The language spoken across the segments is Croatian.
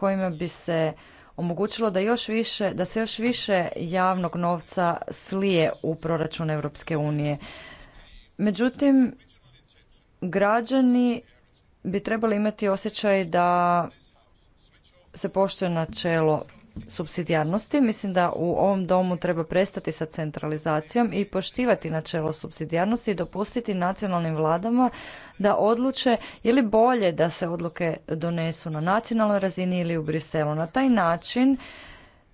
kojima bi se omogućilo da još više, da se još više javnog novca slije u proračun Europske unije. Međutim, građani bi trebali imati osjećaj da se poštuje načelo subsidijarnosti. Mislim da u ovom domu treba prestati sa centralizacijom i poštivati načelo subsidijarnosti i dopustiti nacionalnim vladama da odluče je li bolje da se odluke donesu na nacionalnoj razini ili u Briselu. Na taj način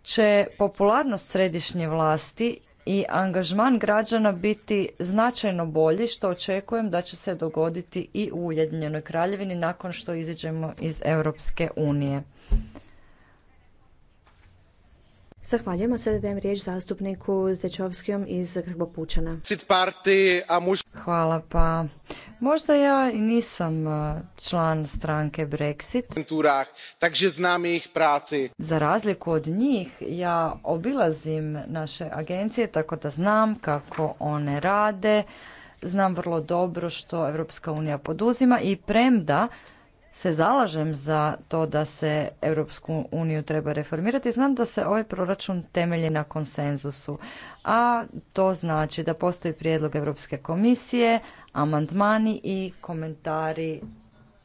će popularnost središnje vlasti i angažman građana biti značajno bolji što očekujem da će se dogoditi i u Ujedinjenoj Kraljevini nakon što iziđemo iz Europske unije. Zahvaljujem, a sada dajem riječ zastupniku Zdečovskijom iz Grbopučana. Hvala pa. Možda ja i nisam uh, član stranke Brexit. znam ih Za razliku od njih, ja obilazim naše agencije tako da znam kako one rade. Znam vrlo dobro što Europska unija poduzima i premda se zalažem za to da se Europsku uniju treba reformirati, znam da se ovaj proračun temelji na konsenzusu, a to znači da postoji prijedlog Europske komisije, amandmani i komentari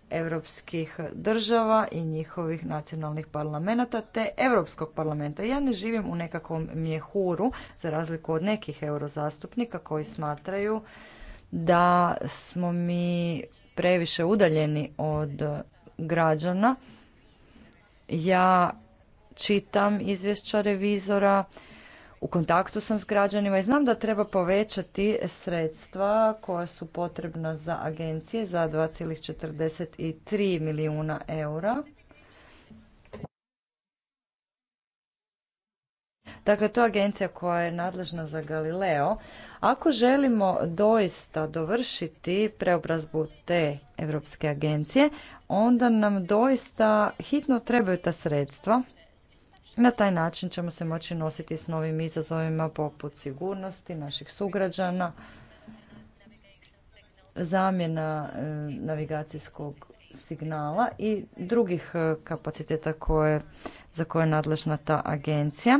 europskih država i njihovih nacionalnih parlamenta te Europskog parlamenta. Ja ne živim u nekakvom mjehuru, za razliku od nekih eurozastupnika koji smatraju da smo mi previše udaljeni od građana. Ja čitam izvješća revizora, u kontaktu sam s građanima i znam da treba povećati sredstva koja su potrebna za agencije za 2,43 milijuna eura Dakle, to je agencija koja je nadležna za Galileo. Ako želimo doista dovršiti preobrazbu te Europske agencije, onda nam doista hitno trebaju ta sredstva. Na taj način ćemo se moći nositi s novim izazovima poput sigurnosti naših sugrađana, zamjena e, navigacijskog signala i drugih e, kapaciteta koje, za koje je nadležna ta agencija.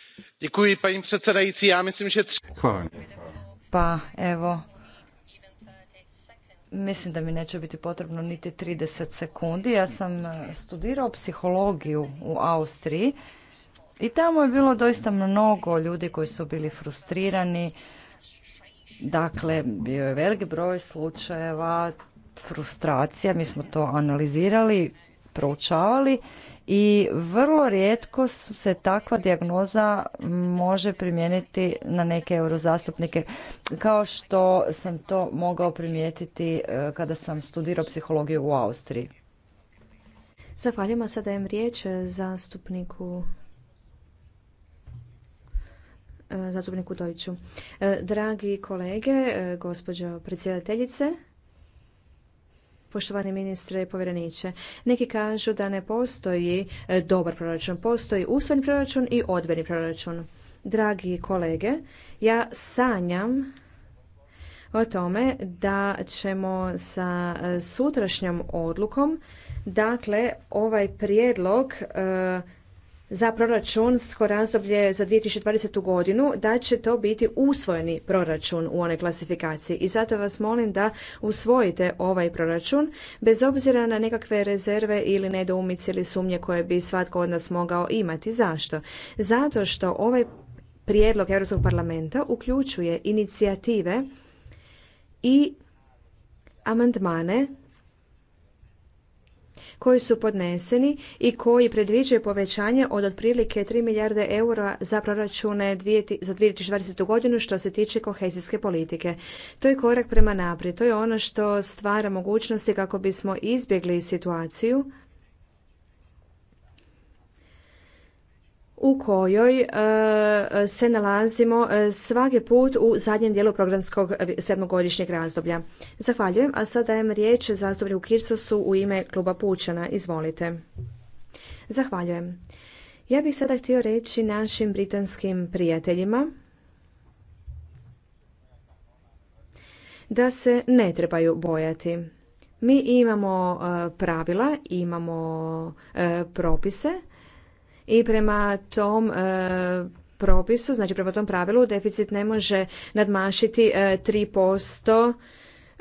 paní předsedající já myslím že. pa evo mislim da mi neće biti potrebno niti trideset sekundi ja sam e, studirao psihologiju u austriji i tamo je bilo doista mnogo ljudi koji su bili frustrirani dakle bio je veliki broj slučajeva frustracija mi smo to analizirali proučavali i vrlo rijetko se takva dijagnoza može primijeniti na neke eurozastupnike kao što sam to mogao primijetiti e, kada sam studirao psihologiju u Austriji. Zahvaljujem, a sada dajem riječ zastupniku e, zastupniku e, Dragi kolege, gospođo predsjedateljice, Poštovani ministre i povjereniče, neki kažu da ne postoji e, dobar proračun, postoji usvojni proračun i odbeni proračun. Dragi kolege, ja sanjam o tome da ćemo sa e, sutrašnjom odlukom, dakle, ovaj prijedlog e, za proračunsko razdoblje za 2020. godinu da će to biti usvojeni proračun u onoj klasifikaciji i zato vas molim da usvojite ovaj proračun bez obzira na nekakve rezerve ili nedoumice ili sumnje koje bi svatko od nas mogao imati. Zašto? Zato što ovaj prijedlog Europskog parlamenta uključuje inicijative i amandmane koji su podneseni i koji predviđaju povećanje od otprilike 3 milijarde eura za proračune za 2020. godinu što se tiče kohezijske politike. To je korak prema naprijed. To je ono što stvara mogućnosti kako bismo izbjegli situaciju u kojoj e, se nalazimo e, svaki put u zadnjem dijelu programskog e, sedmogodišnjeg razdoblja. Zahvaljujem, a sada dajem riječ zastupniku Kircosu u ime kluba Pučana. Izvolite. Zahvaljujem. Ja bih sada htio reći našim britanskim prijateljima da se ne trebaju bojati. Mi imamo pravila, imamo propise i prema tom e, propisu, znači prema tom pravilu, deficit ne može nadmašiti 3%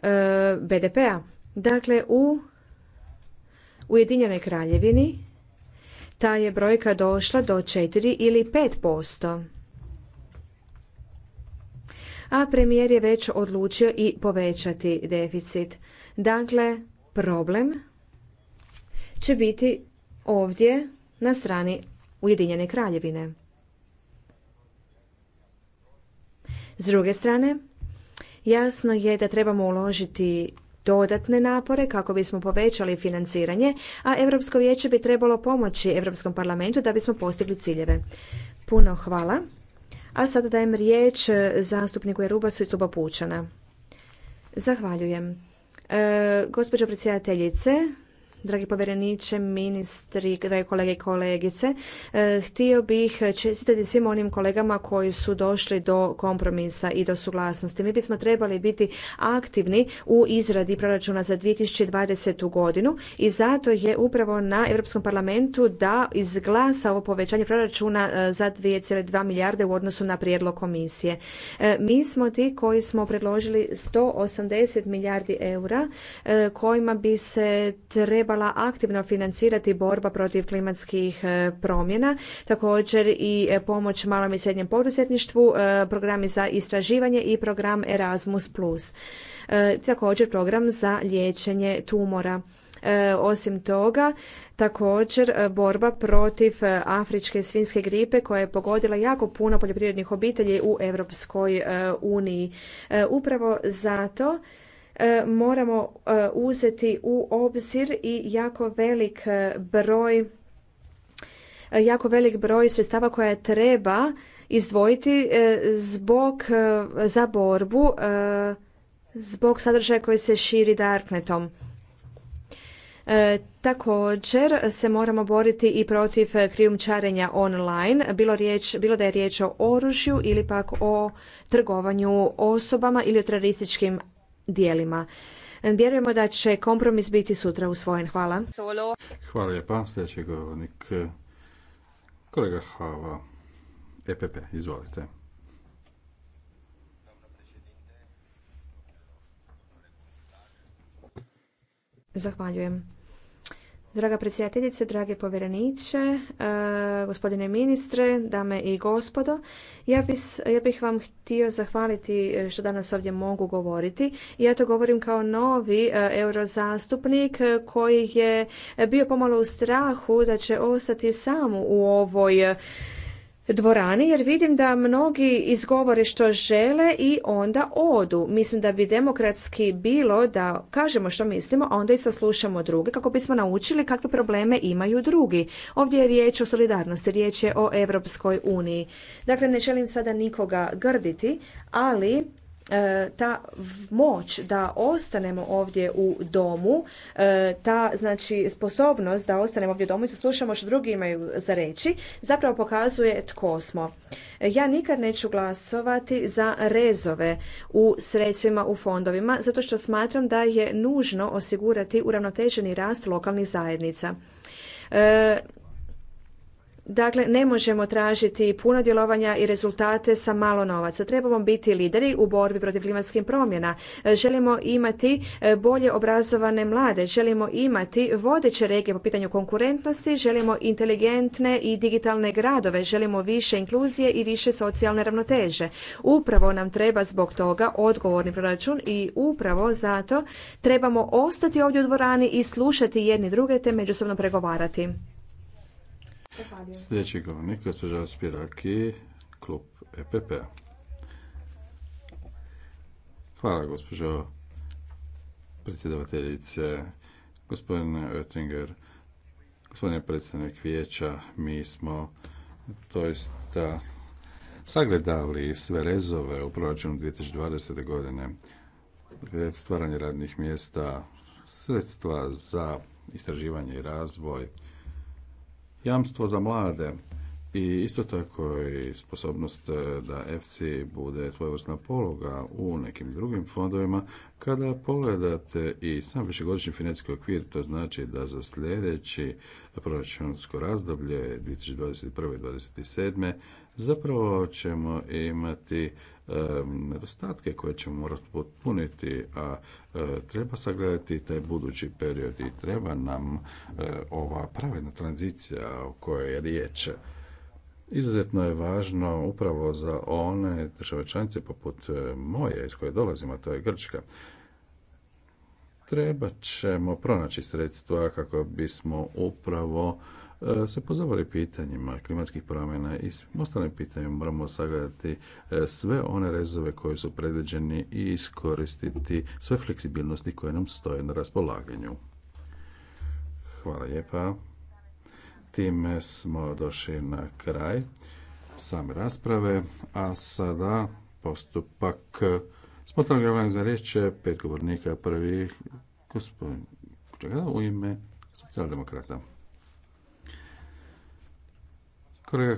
e, e, BDP-a. Dakle, u Ujedinjenoj kraljevini ta je brojka došla do 4 ili 5%. A premijer je već odlučio i povećati deficit. Dakle, problem će biti ovdje na strani Ujedinjene kraljevine. S druge strane, jasno je da trebamo uložiti dodatne napore kako bismo povećali financiranje, a Europsko vijeće bi trebalo pomoći Europskom parlamentu da bismo postigli ciljeve. Puno hvala. A sada dajem riječ zastupniku Jerubasu iz Tuba Zahvaljujem. E, gospođo predsjedateljice, dragi povjereniče, ministri, dragi kolege i kolegice. E, htio bih čestitati svim onim kolegama koji su došli do kompromisa i do suglasnosti. Mi bismo trebali biti aktivni u izradi proračuna za 2020. godinu i zato je upravo na Europskom parlamentu da izglasa ovo povećanje proračuna e, za 2,2 milijarde u odnosu na prijedlog komisije. E, mi smo ti koji smo predložili 180 milijardi eura kojima bi se treba trebala aktivno financirati borba protiv klimatskih e, promjena, također i e, pomoć malom i srednjem poduzetništvu, e, programi za istraživanje i program Erasmus+. Također program za liječenje tumora. Osim toga, također borba protiv afričke svinske gripe koja je pogodila jako puno poljoprivrednih obitelji u Europskoj uniji. Upravo zato E, moramo e, uzeti u obzir i jako velik e, broj jako velik broj sredstava koja treba izdvojiti zbog za borbu zbog sadržaja koji se širi darknetom. također se moramo boriti i protiv krijumčarenja online, bilo, riječ, bilo da je riječ o oružju ili pak o trgovanju osobama ili o terorističkim dijelima. Vjerujemo da će kompromis biti sutra usvojen. Hvala. Hvala lijepa. Sljedeći govornik, kolega Hava, EPP, izvolite. Zahvaljujem. Draga predsjedateljice, drage povjereniče, e, gospodine ministre, dame i gospodo, ja, ja bih vam htio zahvaliti što danas ovdje mogu govoriti. Ja to govorim kao novi e, eurozastupnik koji je bio pomalo u strahu da će ostati sam u ovoj dvorani jer vidim da mnogi izgovore što žele i onda odu. Mislim da bi demokratski bilo da kažemo što mislimo, a onda i saslušamo druge kako bismo naučili kakve probleme imaju drugi. Ovdje je riječ o solidarnosti, riječ je o Europskoj uniji. Dakle, ne želim sada nikoga grditi, ali E, ta moć da ostanemo ovdje u domu, e, ta znači sposobnost da ostanemo ovdje u domu i saslušamo što drugi imaju za reći, zapravo pokazuje tko smo. E, ja nikad neću glasovati za rezove u sredstvima u fondovima, zato što smatram da je nužno osigurati uravnoteženi rast lokalnih zajednica. Dakle, ne možemo tražiti puno djelovanja i rezultate sa malo novaca. Trebamo biti lideri u borbi protiv klimatskih promjena. E, želimo imati e, bolje obrazovane mlade, želimo imati vodeće regije po pitanju konkurentnosti, želimo inteligentne i digitalne gradove, želimo više inkluzije i više socijalne ravnoteže. Upravo nam treba zbog toga odgovorni proračun i upravo zato trebamo ostati ovdje u dvorani i slušati jedni druge te međusobno pregovarati. Sljedeći govornik, gospođa Spiraki, klub EPP. Hvala, gospođo predsjedavateljice, gospodine Oettinger, gospodine predsjednik vijeća, mi smo doista sagledali sve rezove u proračunu 2020. godine, stvaranje radnih mjesta, sredstva za istraživanje i razvoj, jamstvo za mlade i isto tako i sposobnost e, da FC bude svojevrsna pologa u nekim drugim fondovima. Kada pogledate i sam višegodišnji financijski okvir, to znači da za sljedeći proračunsko razdoblje 2021. i 2027. zapravo ćemo imati nedostatke koje ćemo morati potpuniti, a e, treba sagledati taj budući period i treba nam e, ova pravedna tranzicija o kojoj je riječ. Izuzetno je važno upravo za one države članice poput e, moje iz koje dolazimo, a to je Grčka. Treba ćemo pronaći sredstva kako bismo upravo E, se pozavali pitanjima klimatskih promjena i svim ostalim pitanjima moramo sagledati e, sve one rezove koji su predviđeni i iskoristiti sve fleksibilnosti koje nam stoje na raspolaganju. Hvala lijepa. Time smo došli na kraj same rasprave, a sada postupak spontanog javljanja za riječ pet govornika. Prvi gospodin u ime socijaldemokrata. Kolega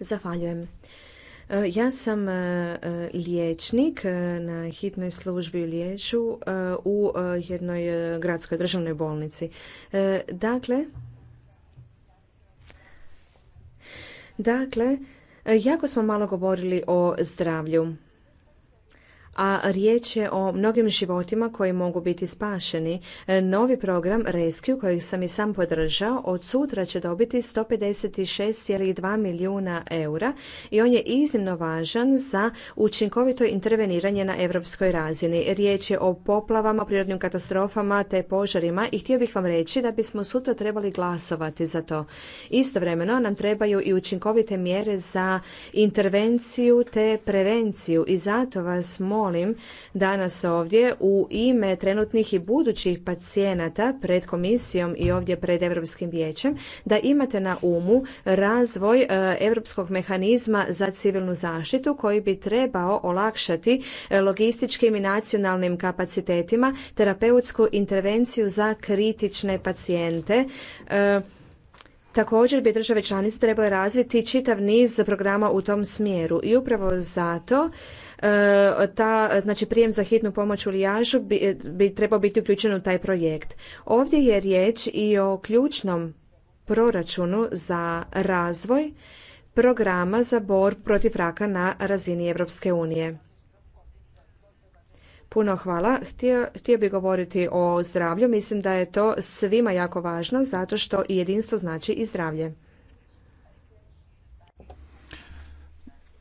Zahvaljujem. E, ja sam e, e, liječnik na hitnoj službi u liječu u jednoj gradskoj državnoj bolnici. Dakle, dakle, jako smo malo govorili o zdravlju a riječ je o mnogim životima koji mogu biti spašeni. E, novi program Rescue, kojeg sam i sam podržao, od sutra će dobiti 156,2 milijuna eura i on je iznimno važan za učinkovito interveniranje na europskoj razini. Riječ je o poplavama, prirodnim katastrofama te požarima i htio bih vam reći da bismo sutra trebali glasovati za to. Istovremeno nam trebaju i učinkovite mjere za intervenciju te prevenciju i zato vas molim molim danas ovdje u ime trenutnih i budućih pacijenata pred komisijom i ovdje pred Europskim vijećem da imate na umu razvoj e, europskog mehanizma za civilnu zaštitu koji bi trebao olakšati e, logističkim i nacionalnim kapacitetima terapeutsku intervenciju za kritične pacijente e, Također bi države članice trebale razviti čitav niz programa u tom smjeru i upravo zato E, ta, znači prijem za hitnu pomoć u Lijažu bi, bi trebao biti uključen u taj projekt. Ovdje je riječ i o ključnom proračunu za razvoj programa za borbu protiv raka na razini Europske unije. Puno hvala. Htio, htio bi govoriti o zdravlju. Mislim da je to svima jako važno zato što i jedinstvo znači i zdravlje.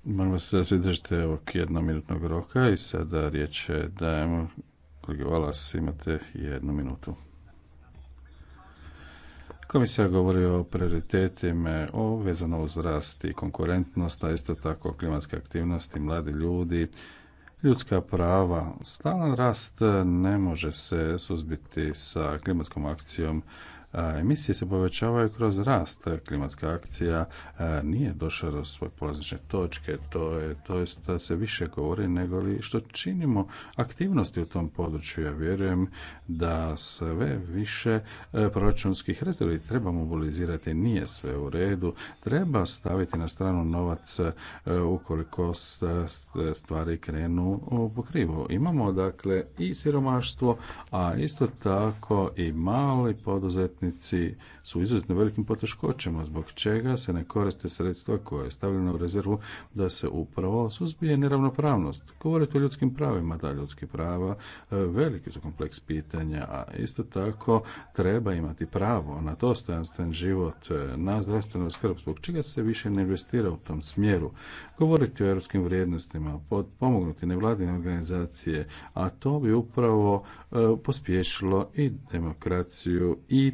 Molim vas da se držite ovog jednominutnog roka i sada riječ dajemo kolega Valas, imate jednu minutu. Komisija govori o prioritetima, o vezano uz rast i konkurentnost, a isto tako klimatske aktivnosti, mladi ljudi, ljudska prava. Stalan rast ne može se suzbiti sa klimatskom akcijom Emisije se povećavaju kroz rast. E, klimatska akcija e, nije došla do svoje polazične točke. To je, to jest da se više govori nego li što činimo aktivnosti u tom području. Ja vjerujem da sve više e, proračunskih rezervi treba mobilizirati. Nije sve u redu. Treba staviti na stranu novac ukoliko stvari krenu u pokrivu. Imamo dakle i siromaštvo, a isto tako i mali poduzetni poduzetnici su izuzetno velikim poteškoćama zbog čega se ne koriste sredstva koje je stavljeno u rezervu da se upravo suzbije neravnopravnost. Govorite o ljudskim pravima, da ljudski prava e, veliki su kompleks pitanja, a isto tako treba imati pravo na dostojanstven život, e, na zdravstvenu skrb, zbog čega se više ne investira u tom smjeru. Govoriti o europskim vrijednostima, pomognuti nevladine organizacije, a to bi upravo e, pospješilo i demokraciju i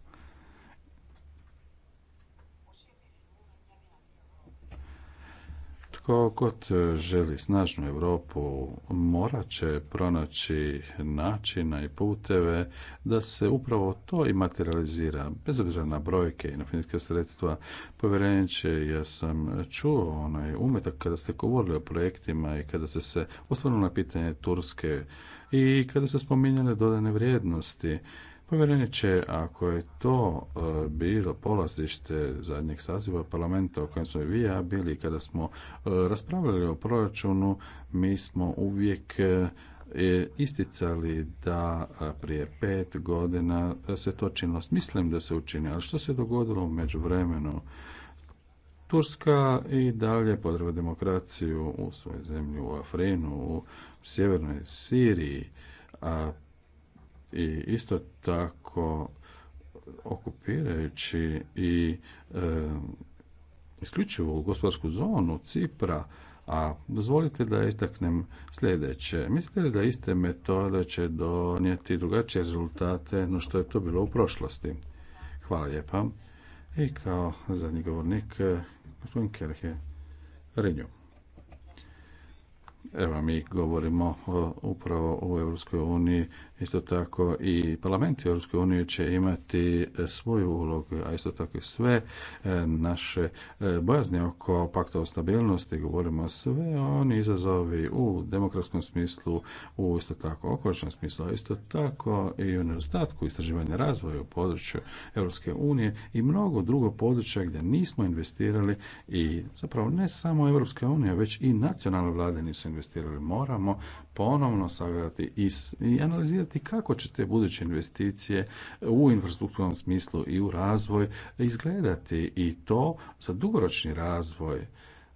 Tko god e, želi snažnu Europu morat će pronaći načina i puteve da se upravo to i materializira, bez obzira na brojke i na finanske sredstva. Povjereniče, ja sam čuo onaj umetak kada ste govorili o projektima i kada ste se osvrnuli na pitanje Turske i kada ste spominjali dodane vrijednosti Povjereniče, ako je to e, bilo polazište zadnjeg saziva parlamenta o kojem smo i vi ja bili, kada smo e, raspravljali o proračunu, mi smo uvijek e, isticali da prije pet godina se to činilo. Mislim da se učini, ali što se dogodilo u međuvremenu? Turska i dalje podržava demokraciju u svojoj zemlji, u Afrinu, u sjevernoj Siriji, a i isto tako okupirajući i e, isključivo u gospodarsku zonu Cipra, a dozvolite da istaknem sljedeće. Mislite li da iste metode će donijeti drugačije rezultate no što je to bilo u prošlosti? Hvala lijepa. I kao zadnji govornik, gospodin Kerhe Renju. Evo, mi govorimo upravo u Europskoj uniji, isto tako i Parlament Europske unije će imati e, svoju ulogu, a isto tako i sve e, naše e, bojazne oko pakta o stabilnosti, govorimo sve oni izazovi u demokratskom smislu, u isto tako okoličnom smislu, a isto tako i u nedostatku istraživanja razvoja u području Europske unije i mnogo drugo područja gdje nismo investirali i zapravo ne samo Europska unija, već i nacionalne vlade nisu investirali investirali. Moramo ponovno sagledati i, i analizirati kako će te buduće investicije u infrastrukturnom smislu i u razvoj izgledati i to za dugoročni razvoj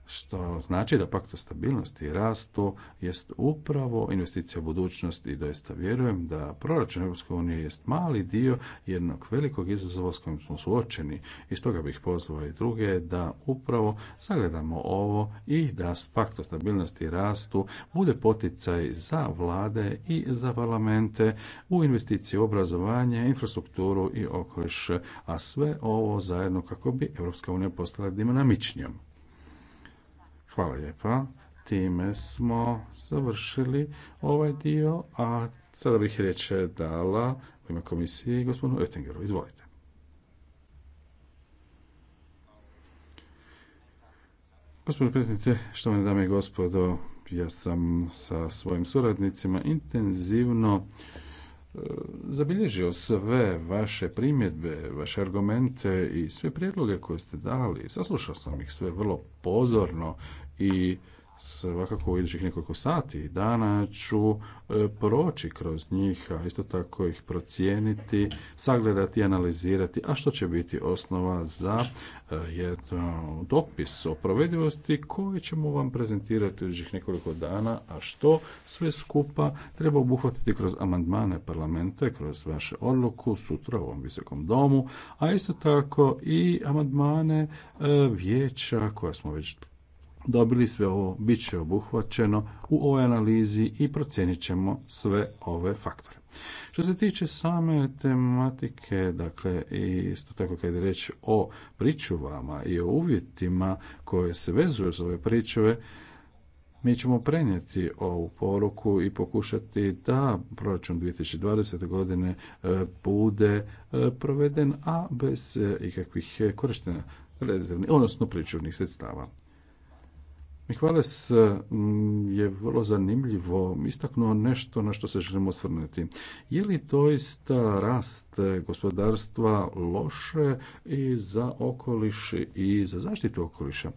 što znači da pakto stabilnosti i rastu jest upravo investicija u budućnost i doista vjerujem da proračun Europske unije jest mali dio jednog velikog izazova s kojim smo suočeni i stoga bih pozvao i druge da upravo sagledamo ovo i da fakto stabilnosti i rastu bude poticaj za vlade i za parlamente u investiciji u obrazovanje, infrastrukturu i okoliš, a sve ovo zajedno kako bi Europska unija postala dinamičnijom. Hvala lijepa. Time smo završili ovaj dio, a sada bih riječ dala u ime komisije gospodinu Oettingeru. Izvolite. Gospodine predsjednice, štovane dame i gospodo, ja sam sa svojim suradnicima intenzivno e, zabilježio sve vaše primjedbe, vaše argumente i sve prijedloge koje ste dali. Saslušao sam ih sve vrlo pozorno i svakako u idućih nekoliko sati i dana ću e, proći kroz njih, a isto tako ih procijeniti, sagledati i analizirati, a što će biti osnova za e, jedan dopis o provedivosti koji ćemo vam prezentirati u idućih nekoliko dana, a što sve skupa treba obuhvatiti kroz amandmane parlamenta, kroz vaše odluku sutra u ovom visokom domu, a isto tako i amandmane e, vijeća koja smo već dobili sve ovo, bit će obuhvaćeno u ovoj analizi i procijenit ćemo sve ove faktore. Što se tiče same tematike, dakle, isto tako kad je reč o pričuvama i o uvjetima koje se vezuju za ove pričuve, mi ćemo prenijeti ovu poruku i pokušati da proračun 2020. godine e, bude e, proveden, a bez e, ikakvih korištenja odnosno pričuvnih sredstava. Mihvales mm, je vrlo zanimljivo istaknuo nešto na što se želimo osvrnuti. Je li doista rast gospodarstva loše i za okoliš i za zaštitu okoliša?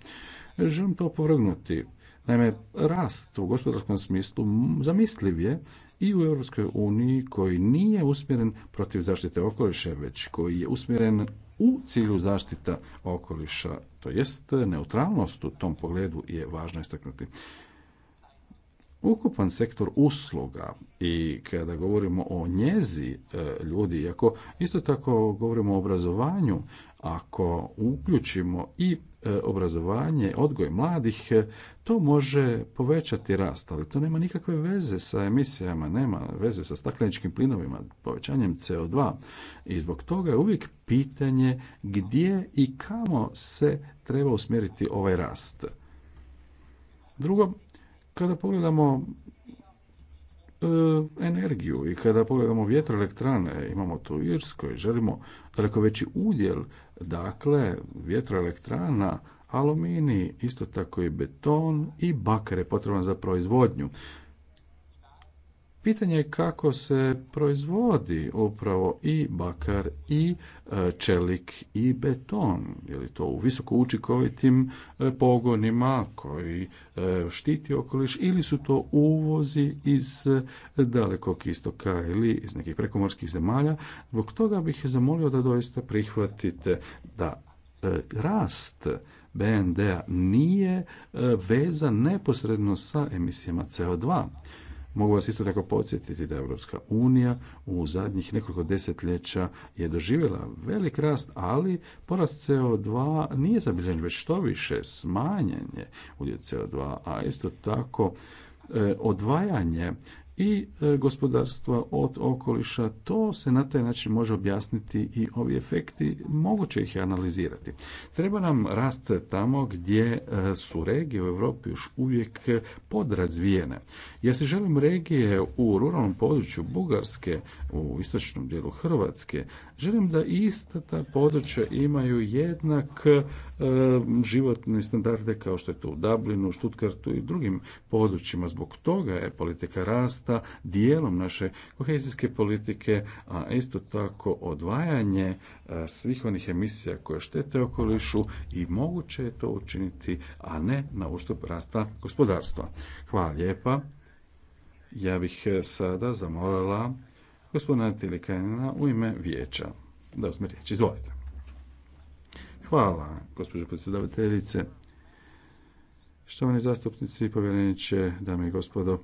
Želim to povrgnuti. Naime, rast u gospodarskom smislu zamisliv je i u Europskoj uniji koji nije usmjeren protiv zaštite okoliša, već koji je usmjeren u cilju zaštita okoliša, to jest neutralnost u tom pogledu je važno istaknuti. Ukupan sektor usluga i kada govorimo o njezi e, ljudi, iako isto tako govorimo o obrazovanju, ako uključimo i E, obrazovanje, odgoj mladih, e, to može povećati rast, ali to nema nikakve veze sa emisijama, nema veze sa stakleničkim plinovima, povećanjem CO2 i zbog toga je uvijek pitanje gdje i kamo se treba usmjeriti ovaj rast. Drugo, kada pogledamo E, energiju i kada pogledamo vjetroelektrane, imamo tu u Irskoj, želimo daleko veći udjel, dakle vjetroelektrana, aluminij, isto tako i beton i bakar je potreban za proizvodnju. Pitanje je kako se proizvodi upravo i bakar i e, čelik i beton. Je li to u visoko učinkovitim e, pogonima koji e, štiti okoliš ili su to uvozi iz dalekog istoka ili iz nekih prekomorskih zemalja. Zbog toga bih zamolio da doista prihvatite da rast BND-a nije vezan neposredno sa emisijama CO2 Mogu vas isto tako podsjetiti da Europska unija u zadnjih nekoliko desetljeća je doživjela velik rast, ali porast CO2 nije zabilježen, već što više smanjen je udjel CO2, a isto tako e, odvajanje i e, gospodarstva od okoliša, to se na taj način može objasniti i ovi efekti, moguće ih je analizirati. Treba nam rast tamo gdje e, su regije u Europi još uvijek podrazvijene. Ja se želim regije u ruralnom području Bugarske, u istočnom dijelu Hrvatske, želim da ista ta područja imaju jednak e, životne standarde kao što je to u Dublinu, Štutkartu i drugim područjima. Zbog toga je politika rasta dijelom naše kohezijske politike, a isto tako odvajanje e, svih onih emisija koje štete okolišu i moguće je to učiniti, a ne na uštup rasta gospodarstva. Hvala lijepa. Ja bih e, sada zamolila gospodina Tilikanina u ime vijeća. Da uzme riječ, izvolite. Hvala, gospođo predsjedavateljice. Štovani zastupnici, povjereniče, dame i gospodo,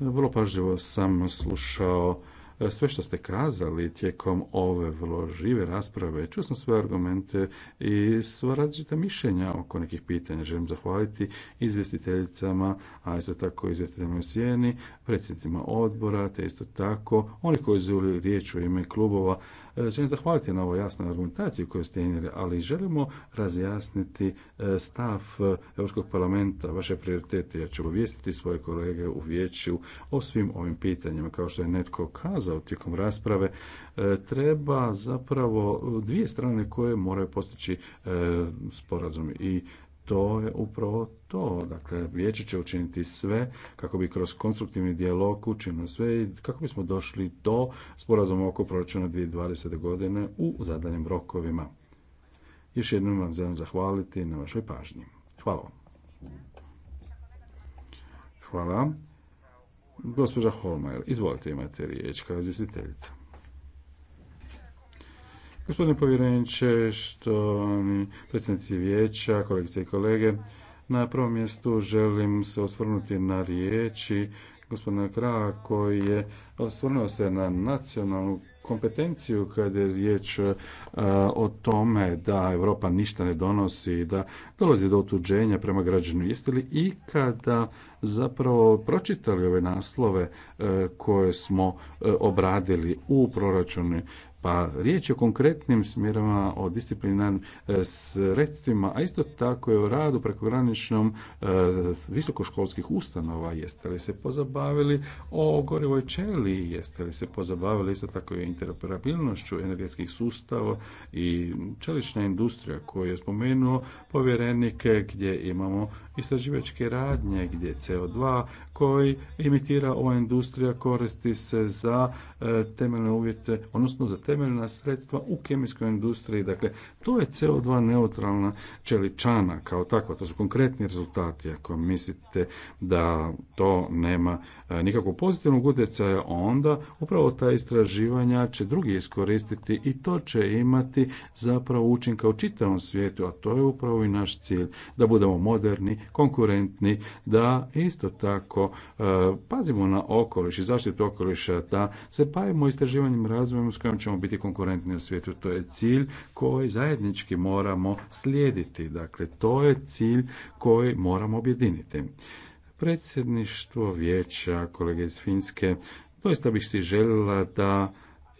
vrlo pažljivo sam slušao e, sve što ste kazali tijekom ove vrlo žive rasprave. Čuo sam sve argumente i sva različita mišljenja oko nekih pitanja. Želim zahvaliti izvjestiteljicama, a isto tako izvjestiteljima u Sijeni, predsjednicima odbora, te isto tako oni koji uzeli riječ u ime klubova E, želim zahvaliti na ovoj jasnoj argumentaciji koju ste imali, ali želimo razjasniti e, stav e, Europskog parlamenta, vaše prioritete. Ja ću obavijestiti svoje kolege u vijeću o svim ovim pitanjima. Kao što je netko kazao tijekom rasprave, treba zapravo dvije strane koje moraju postići sporazum i to je upravo to. Dakle, vijeće će učiniti sve kako bi kroz konstruktivni dijalog učinilo sve i kako bismo došli do sporazuma oko proračuna 2020. godine u zadanim rokovima. Još jednom vam želim zahvaliti na vašoj pažnji. Hvala vam. Hvala. Gospođa Holmajer, izvolite imate riječ kao izvjestiteljica. Gospodine povjereniče, što predsjednici vijeća, kolegice i kolege, na prvom mjestu želim se osvrnuti na riječi gospodina Kraha koji je osvrnuo se na nacionalnu kompetenciju kada je riječ o tome da Europa ništa ne donosi, da dolazi do otuđenja prema građanima. Jeste li kada zapravo pročitali ove naslove koje smo obradili u proračunu? Pa riječ je o konkretnim smjerama, o disciplinarnim e, sredstvima, a isto tako i o radu prekograničnom e, visokoškolskih ustanova. Jeste li se pozabavili o gorivoj čeli? Jeste li se pozabavili isto tako i interoperabilnošću energetskih sustava i čelična industrija koju je spomenuo povjerenike gdje imamo istraživačke radnje, gdje CO2 koji imitira ova industrija koristi se za e, temeljne uvjete, odnosno za temeljna sredstva u kemijskoj industriji. Dakle, to je CO2 neutralna čeličana kao takva. To su konkretni rezultati. Ako mislite da to nema e, nikakvog pozitivnog utjecaja, onda upravo ta istraživanja će drugi iskoristiti i to će imati zapravo učinka u čitavom svijetu, a to je upravo i naš cilj, da budemo moderni, konkurentni, da isto tako E, pazimo na okoliš i zaštitu okoliša, da se bavimo istraživanjem razvojem s kojim ćemo biti konkurentni u svijetu. To je cilj koji zajednički moramo slijediti. Dakle, to je cilj koji moramo objediniti. Predsjedništvo vijeća, kolege iz Finske, doista bih si željela da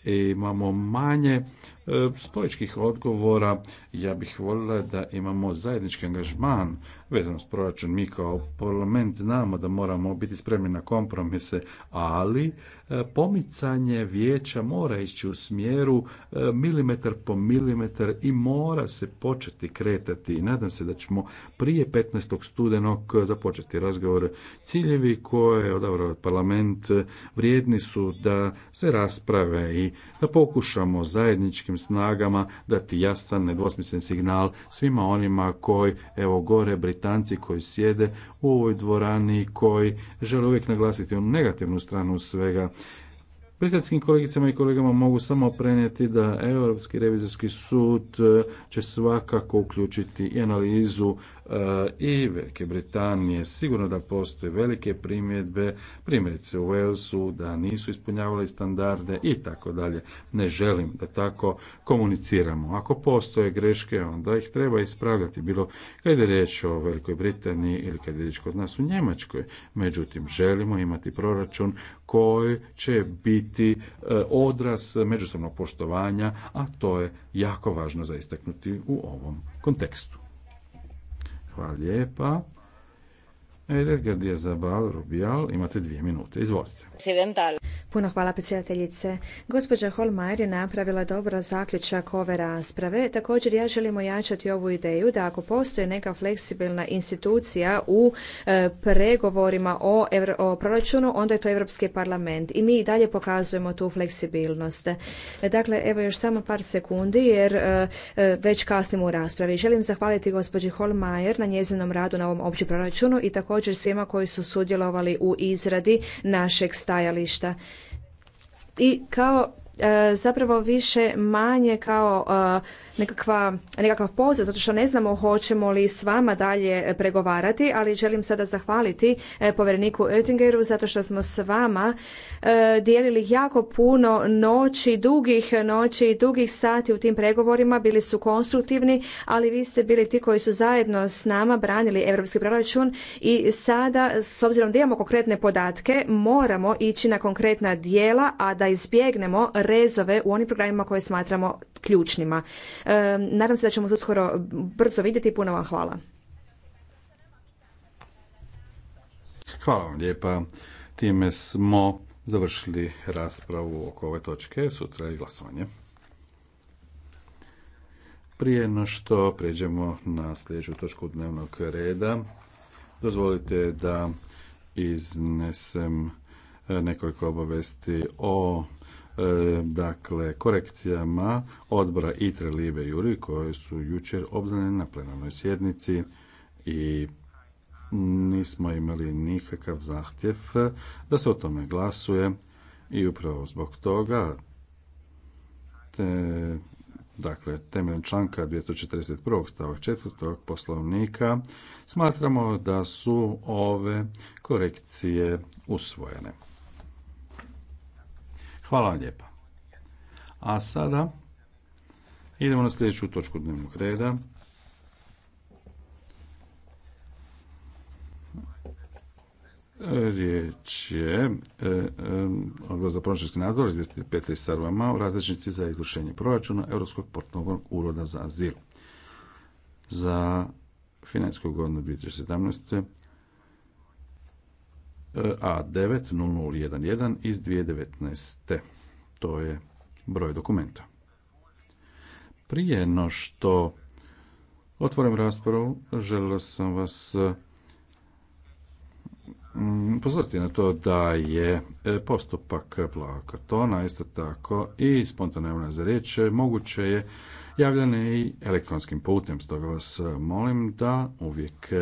imamo manje E, stojičkih odgovora. Ja bih voljela da imamo zajednički angažman vezan s proračun. Mi kao parlament znamo da moramo biti spremni na kompromise, ali e, pomicanje vijeća mora ići u smjeru e, milimetar po milimetar i mora se početi kretati. Nadam se da ćemo prije 15. studenog započeti razgovor. Ciljevi koje je parlament vrijedni su da se rasprave i da pokušamo zajedničkim snagama dati jasan, nedvosmislen signal svima onima koji, evo gore, Britanci koji sjede u ovoj dvorani, koji žele uvijek naglasiti onu negativnu stranu svega, Britanskim kolegicama i kolegama mogu samo prenijeti da Europski revizorski sud e, će svakako uključiti i analizu e, i Velike Britanije. Sigurno da postoje velike primjedbe, primjerice u Walesu, da nisu ispunjavali standarde i tako dalje. Ne želim da tako komuniciramo. Ako postoje greške, onda ih treba ispravljati, bilo kad je riječ o Velikoj Britaniji ili kad je riječ kod nas u Njemačkoj. Međutim, želimo imati proračun koji će biti biti e, odraz međusobnog poštovanja, a to je jako važno za istaknuti u ovom kontekstu. Hvala lijepa. Eder Gardija Zabal, Rubijal. imate dvije minute. Izvolite. Puno hvala predsjedateljice. Gospođa Holmajer je napravila dobro zaključak ove rasprave. Također ja želim ojačati ovu ideju da ako postoji neka fleksibilna institucija u e, pregovorima o, proračunu, onda je to Europski parlament. I mi i dalje pokazujemo tu fleksibilnost. Dakle, evo još samo par sekundi jer e, e, već kasnimo u raspravi. Želim zahvaliti gospođi Holmajer na njezinom radu na ovom općem proračunu i također svima koji su sudjelovali u izradi našeg stajališta i kao e, zapravo više manje kao e, nekakva, nekakav poziv, zato što ne znamo hoćemo li s vama dalje pregovarati, ali želim sada zahvaliti e, povereniku Oettingeru zato što smo s vama e, dijelili jako puno noći, dugih noći, dugih sati u tim pregovorima, bili su konstruktivni, ali vi ste bili ti koji su zajedno s nama branili europski proračun i sada, s obzirom da imamo konkretne podatke, moramo ići na konkretna dijela, a da izbjegnemo rezove u onim programima koje smatramo ključnima. Nadam se da ćemo se uskoro brzo vidjeti. Puno vam hvala. Hvala vam lijepa. Time smo završili raspravu oko ove točke. Sutra je glasovanje. Prije no što pređemo na sljedeću točku dnevnog reda, dozvolite da iznesem nekoliko obavesti o E, dakle korekcijama odbora ITRE, LIBE JURI koje su jučer obznane na plenarnoj sjednici i nismo imali nikakav zahtjev da se o tome glasuje i upravo zbog toga dakle, temeljem članka 241. stavak 4. poslovnika smatramo da su ove korekcije usvojene. Hvala vam lijepa. A sada idemo na sljedeću točku dnevnog reda. Riječ je e, e za proračunski nadzor iz Petri Sarvama o različnici za izvršenje proračuna Europskog portnog uroda za azil. Za financijsku godinu 2017. E a 0011 iz 2019. To je broj dokumenta. Prije no što otvorim raspravu, želio sam vas mm, pozoriti na to da je e, postupak plavog kartona, isto tako i spontane za riječ, moguće je javljane i elektronskim putem. Stoga vas molim da uvijek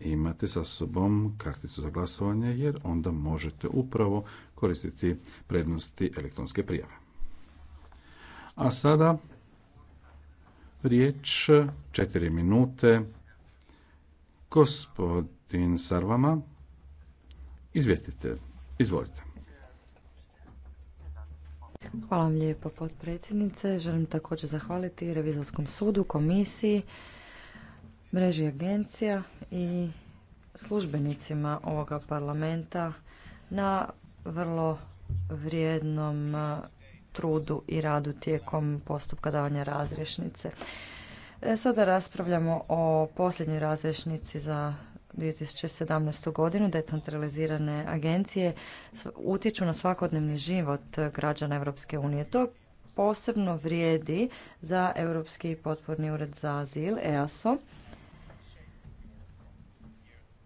Imate sa sobom karticu za glasovanje jer onda možete upravo koristiti prednosti elektronske prijave. A sada riječ četiri minute gospodin Sarvama izvjestite. Izvolite. Hvala vam lijepo potpredsjednice. Želim također zahvaliti Revizorskom sudu, komisiji mreži agencija i službenicima ovoga parlamenta na vrlo vrijednom trudu i radu tijekom postupka davanja razrešnice. E, sada raspravljamo o posljednjoj razrešnici za 2017. godinu decentralizirane agencije utječu na svakodnevni život građana Europske unije. To posebno vrijedi za Europski potporni ured za azil, EASO,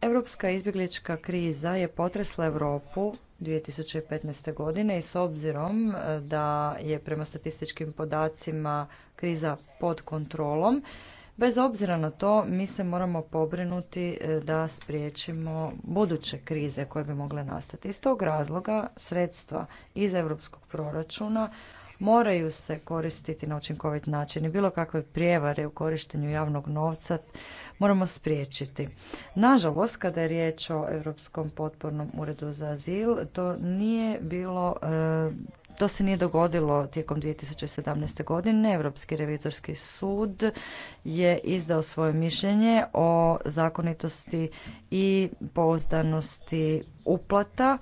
Europska izbjeglička kriza je potresla Europu 2015. godine i s obzirom e, da je prema statističkim podacima kriza pod kontrolom, bez obzira na to mi se moramo pobrinuti e, da spriječimo buduće krize koje bi mogle nastati. Iz tog razloga sredstva iz europskog proračuna moraju se koristiti na učinkovit način i bilo kakve prijevare u korištenju javnog novca moramo spriječiti. Nažalost, kada je riječ o Europskom potpornom uredu za azil, to nije bilo e, to se nije dogodilo tijekom 2017. godine. Europski revizorski sud je izdao svoje mišljenje o zakonitosti i pouzdanosti uplata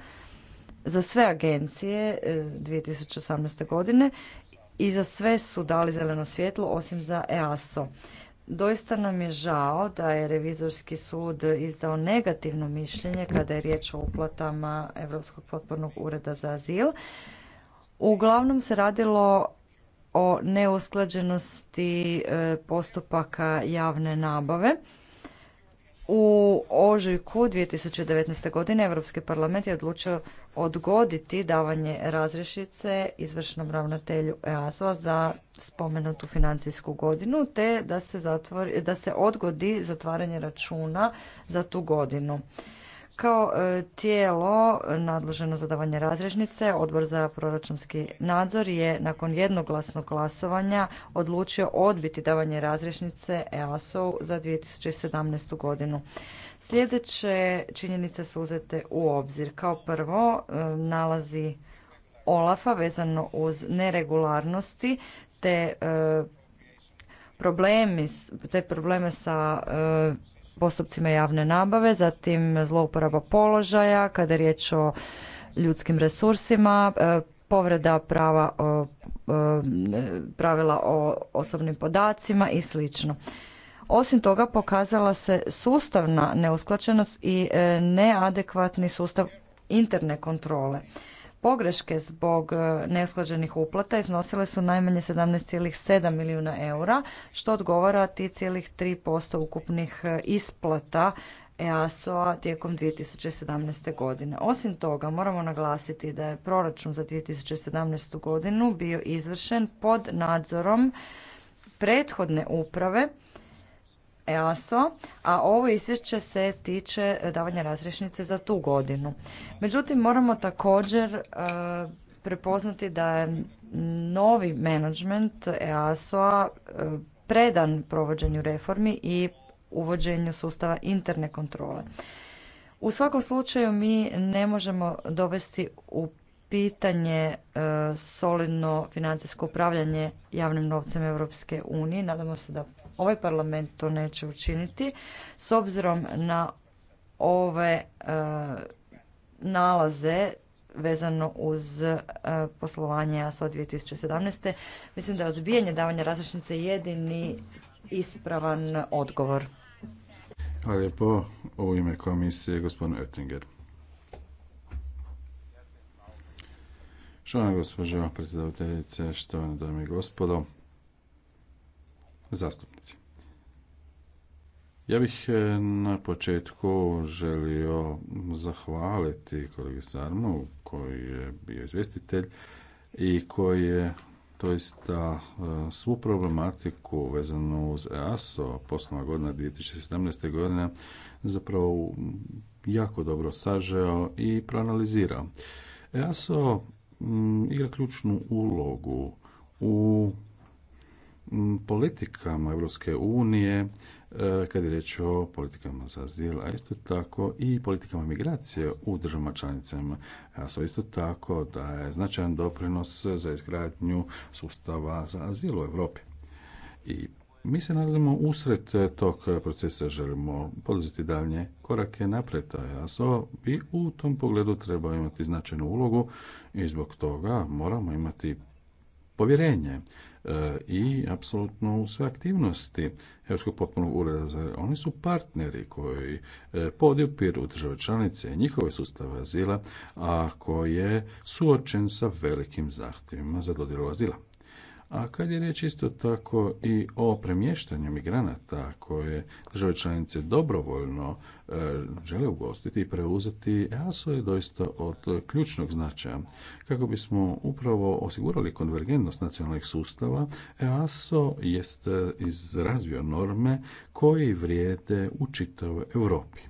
za sve agencije 2018. E, godine i za sve su dali zeleno svjetlo osim za EASO. Doista nam je žao da je revizorski sud izdao negativno mišljenje kada je riječ o uplatama Europskog potpornog ureda za azil. Uglavnom se radilo o neusklađenosti e, postupaka javne nabave u ožujku 2019. godine Europski parlament je odlučio odgoditi davanje razrešice izvršnom ravnatelju EASO za spomenutu financijsku godinu te da se, da se odgodi zatvaranje računa za tu godinu. Kao e, tijelo nadloženo za davanje razrežnice, odbor za proračunski nadzor je nakon jednoglasnog glasovanja odlučio odbiti davanje razrežnice EASO za 2017. godinu. Sljedeće činjenice su uzete u obzir. Kao prvo, e, nalazi Olafa vezano uz neregularnosti te e, problemi, te probleme sa postupcima javne nabave, zatim zlouporaba položaja kada je riječ o ljudskim resursima, e, povreda prava e, pravila o osobnim podacima i sl. Osim toga pokazala se sustavna neusklačenost i e, neadekvatni sustav interne kontrole. Pogreške zbog e, neusklađenih uplata iznosile su najmanje 17,7 milijuna eura, što odgovara 3,3% ukupnih e, isplata EASO-a tijekom 2017. godine. Osim toga, moramo naglasiti da je proračun za 2017. godinu bio izvršen pod nadzorom prethodne uprave EASO, a ovo izvješće se tiče davanja razrešnice za tu godinu. Međutim, moramo također e, prepoznati da je novi menadžment EASO-a e, predan provođenju reformi i uvođenju sustava interne kontrole. U svakom slučaju mi ne možemo dovesti u pitanje e, solidno financijsko upravljanje javnim novcem Europske unije. Nadamo se da ovaj parlament to neće učiniti. S obzirom na ove e, nalaze vezano uz e, poslovanje ASA 2017. Mislim da je odbijanje davanja različnice jedini ispravan odgovor. Hvala lijepo. U ime komisije gospodin Oettinger. Štovana gospođo predsjedavateljice, štovane dame i gospodo, zastupnici. Ja bih e, na početku želio zahvaliti kolegi Sarmu koji je bio izvjestitelj i koji je doista e, svu problematiku vezanu uz EASO poslovna godina 2017. godine zapravo jako dobro sažeo i proanalizirao. EASO igra ključnu ulogu u politikama Europske unije e, kad je riječ o politikama za azil, a isto tako i politikama migracije u državama članicama. A isto tako da je značajan doprinos za izgradnju sustava za azil u Europi. I mi se nalazimo usred tog procesa, želimo poduzeti daljnje korake naprijed, a ASO bi u tom pogledu trebao imati značajnu ulogu i zbog toga moramo imati povjerenje E, i apsolutno u sve aktivnosti Europskog potpunog ureda za oni su partneri koji e, podupiru države članice i njihove sustave azila, a je suočen sa velikim zahtjevima za dodjelu azila. A kad je riječ isto tako i o premještanju migranata koje države članice dobrovoljno e, žele ugostiti i preuzeti, EASO je doista od ključnog značaja. Kako bismo upravo osigurali konvergentnost nacionalnih sustava, EASO jest e, izrazvio norme koje vrijede u čitavoj Europi.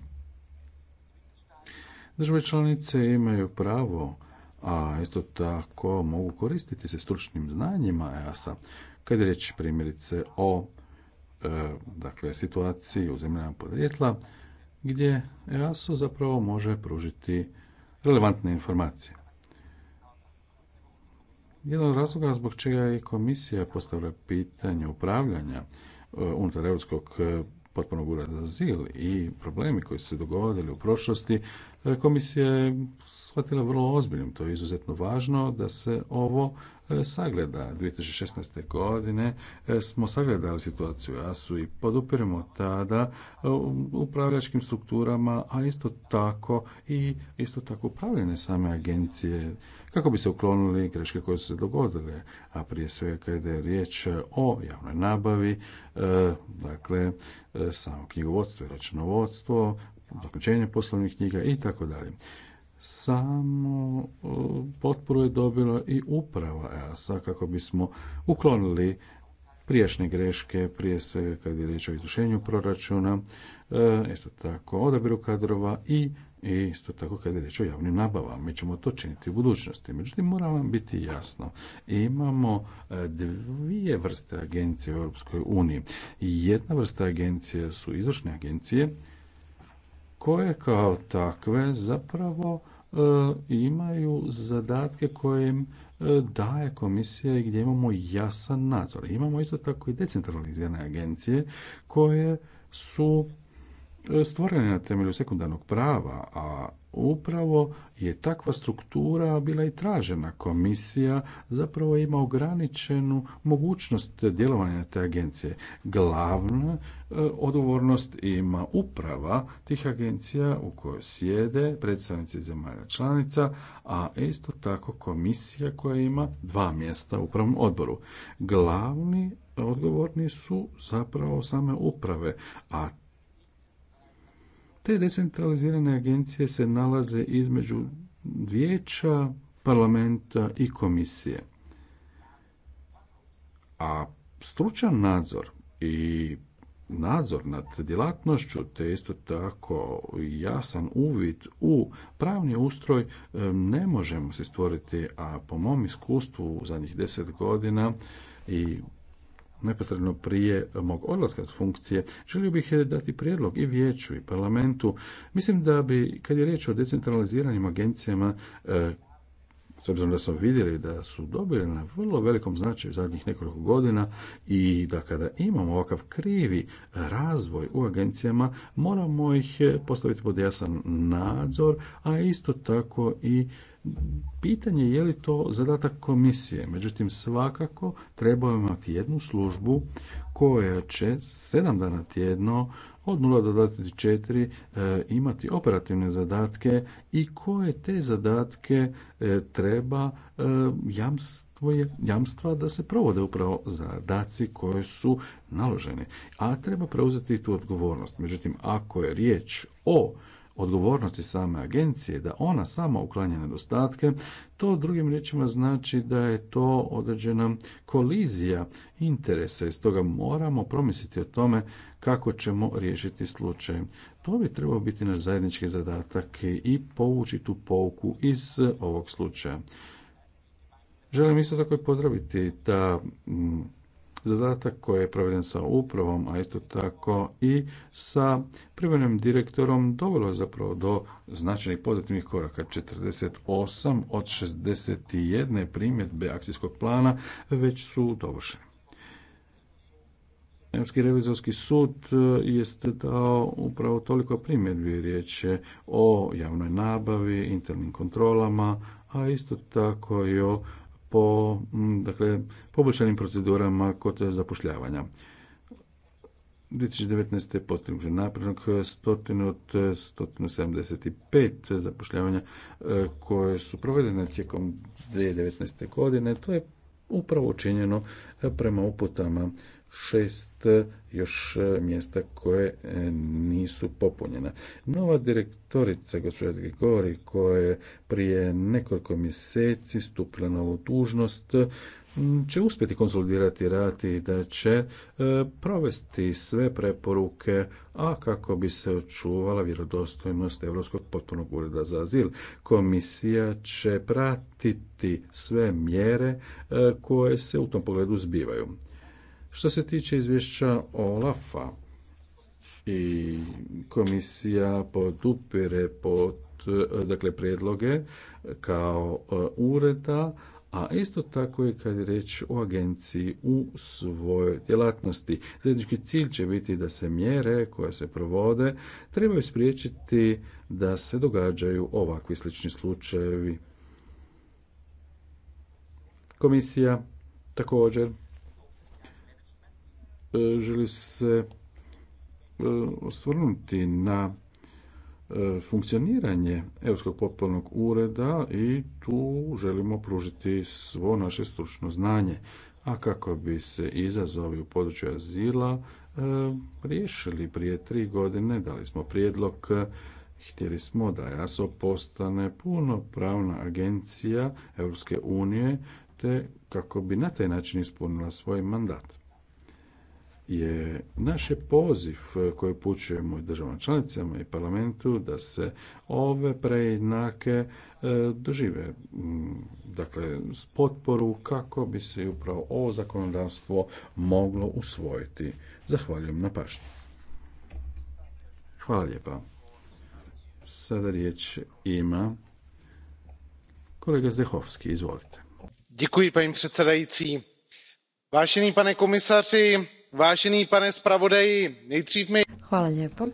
Države članice imaju pravo a isto tako mogu koristiti se stručnim znanjima EASA. Kad je riječ primjerice o e, dakle, situaciji u zemljama podrijetla, gdje EASO zapravo može pružiti relevantne informacije. Jedan od razloga zbog čega je komisija postavila pitanje upravljanja e, unutar Europskog e, potpornog ureda za zil i problemi koji su se dogodili u prošlosti E, komisija je shvatila vrlo ozbiljno, to je izuzetno važno da se ovo e, sagleda. 2016. godine e, smo sagledali situaciju ASU i podupiremo tada upravljačkim strukturama, a isto tako i isto tako upravljene same agencije kako bi se uklonili greške koje su se dogodile, a prije svega kada je riječ o javnoj nabavi, dakle samo knjigovodstvo i računovodstvo, zaključenje poslovnih knjiga i tako dalje. Samo e, potporu je dobila i uprava EASA kako bismo uklonili prijašnje greške, prije svega kad je riječ o izvršenju proračuna, e, isto tako odabiru kadrova i isto tako kad je riječ o javnim nabavama. Mi ćemo to činiti u budućnosti. Međutim, mora vam biti jasno. Imamo e, dvije vrste agencije u Europskoj uniji. Jedna vrsta agencije su izvršne agencije koje kao takve zapravo e, imaju zadatke koje im e, daje komisija i gdje imamo jasan nadzor. Imamo isto tako i decentralizirane agencije koje su e, stvorene na temelju sekundarnog prava, a upravo je takva struktura bila i tražena. Komisija zapravo ima ograničenu mogućnost djelovanja te agencije. Glavna e, odgovornost ima uprava tih agencija u kojoj sjede predstavnici zemalja članica, a isto tako komisija koja ima dva mjesta u upravnom odboru. Glavni odgovorni su zapravo same uprave, a te decentralizirane agencije se nalaze između vijeća, parlamenta i komisije. A stručan nadzor i nadzor nad djelatnošću, te isto tako jasan uvid u pravni ustroj ne možemo se stvoriti, a po mom iskustvu u zadnjih deset godina i neposredno prije mog odlaska s funkcije, želio bih eh, dati prijedlog i vijeću i parlamentu. Mislim da bi, kad je riječ o decentraliziranim agencijama, eh, s obzirom da smo vidjeli da su dobili na vrlo velikom značaju zadnjih nekoliko godina i da kada imamo ovakav krivi razvoj u agencijama, moramo ih eh, postaviti pod jasan nadzor, a isto tako i Pitanje je li to zadatak komisije, međutim svakako treba imati jednu službu koja će sedam dana tjedno od 0 do 24 e, imati operativne zadatke i koje te zadatke e, treba e, jamstva da se provode upravo zadaci koji su naloženi. A treba preuzeti tu odgovornost. Međutim, ako je riječ o odgovornosti same agencije, da ona sama uklanja nedostatke, to drugim riječima znači da je to određena kolizija interesa i stoga moramo promisliti o tome kako ćemo riješiti slučaj. To bi trebao biti naš zajednički zadatak i povući tu pouku iz ovog slučaja. Želim isto tako i pozdraviti da mm, zadatak koji je proveden sa upravom, a isto tako i sa privrednim direktorom dovelo je zapravo do značajnih pozitivnih koraka. 48 od 61 primjedbe akcijskog plana već su dovršene. Europski revizorski sud eh, jest dao upravo toliko primjedbi riječ je o javnoj nabavi, internim kontrolama, a isto tako i o po dakle, poboljšanim procedurama kod zapošljavanja. 2019. je postignut napredak 100 od 175 zapošljavanja e, koje su provedene tijekom 2019. godine. To je upravo učinjeno e, prema uputama šest e, još e, mjesta koje e, nisu popunjena. Nova direktorica, gospođa Grigori, koja je prije nekoliko mjeseci stupila na ovu dužnost, će uspjeti konsolidirati rat i da će provesti sve preporuke, a kako bi se očuvala vjerodostojnost Europskog potpunog ureda za azil. Komisija će pratiti sve mjere koje se u tom pogledu zbivaju. Što se tiče izvješća Olafa i komisija podupire pod dakle prijedloge kao e, ureda a isto tako je kad je riječ o agenciji u svojoj djelatnosti. Zajednički cilj će biti da se mjere koje se provode trebaju spriječiti da se događaju ovakvi slični slučajevi. Komisija također E, želi se e, osvrnuti na e, funkcioniranje Europskog potpornog ureda i tu želimo pružiti svo naše stručno znanje, a kako bi se izazovi u području azila riješili prije tri godine, dali smo prijedlog Htjeli smo da JASO postane punopravna agencija Europske unije, te kako bi na taj način ispunila svoj mandat je naš poziv e, koji upućujemo državama članicama i parlamentu da se ove prejednake e, dožive dakle s potporu kako bi se upravo ovo zakonodavstvo moglo usvojiti. Zahvaljujem na pažnji. Hvala lijepa. Sada riječ ima kolega Zdehovski, izvolite. Děkuji, paní předsedající. Vážený pane komisaři, Vážený pane mi... Hvala lijepo.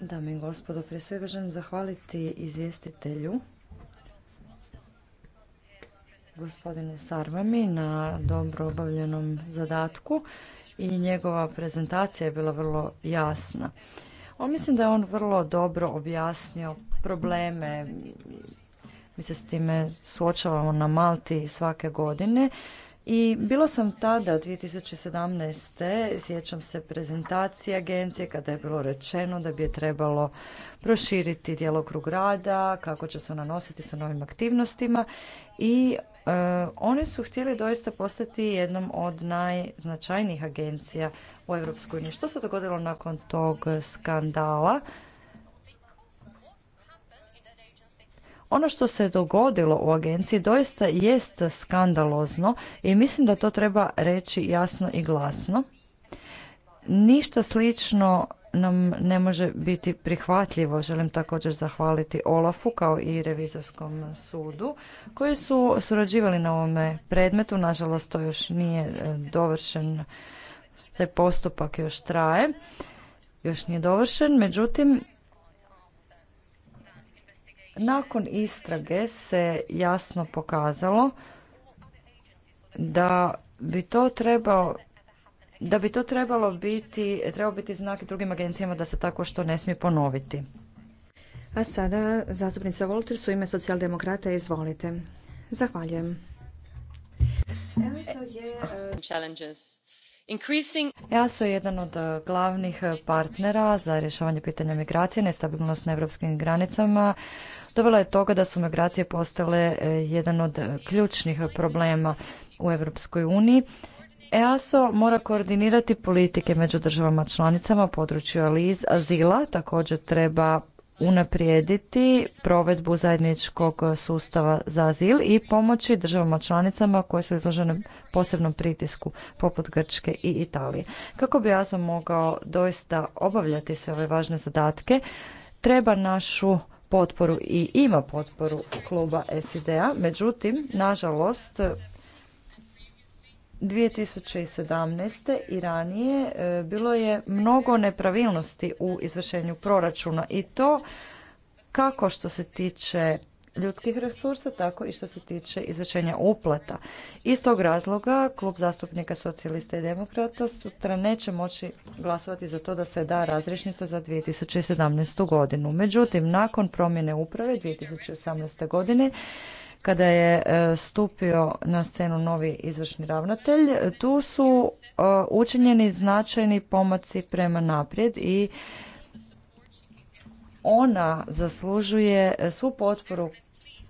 Dame i gospodo, prije svega želim zahvaliti izvjestitelju gospodinu Sarvami na dobro obavljenom zadatku i njegova prezentacija je bila vrlo jasna. On mislim da je on vrlo dobro objasnio probleme mi se s time suočavamo na Malti svake godine. I bila sam tada, 2017. sjećam se prezentacije agencije kada je bilo rečeno da bi je trebalo proširiti djelokrug rada, kako će se ona nositi sa novim aktivnostima i e, oni su htjeli doista postati jednom od najznačajnijih agencija u Uniji. Što se dogodilo nakon tog skandala? Ono što se dogodilo u agenciji doista jest skandalozno i mislim da to treba reći jasno i glasno. Ništa slično nam ne može biti prihvatljivo. Želim također zahvaliti Olafu kao i revizorskom sudu koji su surađivali na ovome predmetu. Nažalost, to još nije e, dovršen, taj postupak još traje, još nije dovršen. Međutim, nakon istrage se jasno pokazalo da bi to trebao da bi to trebalo biti, trebao biti znak drugim agencijama da se tako što ne smije ponoviti. A sada zastupnica Volter u ime socijaldemokrata izvolite. Zahvaljujem. EASO je e, jedan od e, glavnih e, partnera za rješavanje pitanja migracije, nestabilnost na europskim granicama, dovela je toga da su migracije postale e, jedan od e, ključnih problema u Europskoj uniji. EASO mora koordinirati politike među državama članicama području azila, također treba unaprijediti provedbu zajedničkog sustava za azil i pomoći državama članicama koje su izložene posebnom pritisku poput Grčke i Italije. Kako bi EASO mogao doista obavljati sve ove važne zadatke, treba našu potporu i ima potporu kluba SID-a. Međutim, nažalost, 2017. i ranije e, bilo je mnogo nepravilnosti u izvršenju proračuna i to kako što se tiče ljudskih resursa, tako i što se tiče izvršenja uplata. Iz tog razloga klub zastupnika socijalista i demokrata sutra neće moći glasovati za to da se da razrešnica za 2017. godinu. Međutim, nakon promjene uprave 2018. godine, kada je e, stupio na scenu novi izvršni ravnatelj, tu su e, učinjeni značajni pomaci prema naprijed i ona zaslužuje e, svu potporu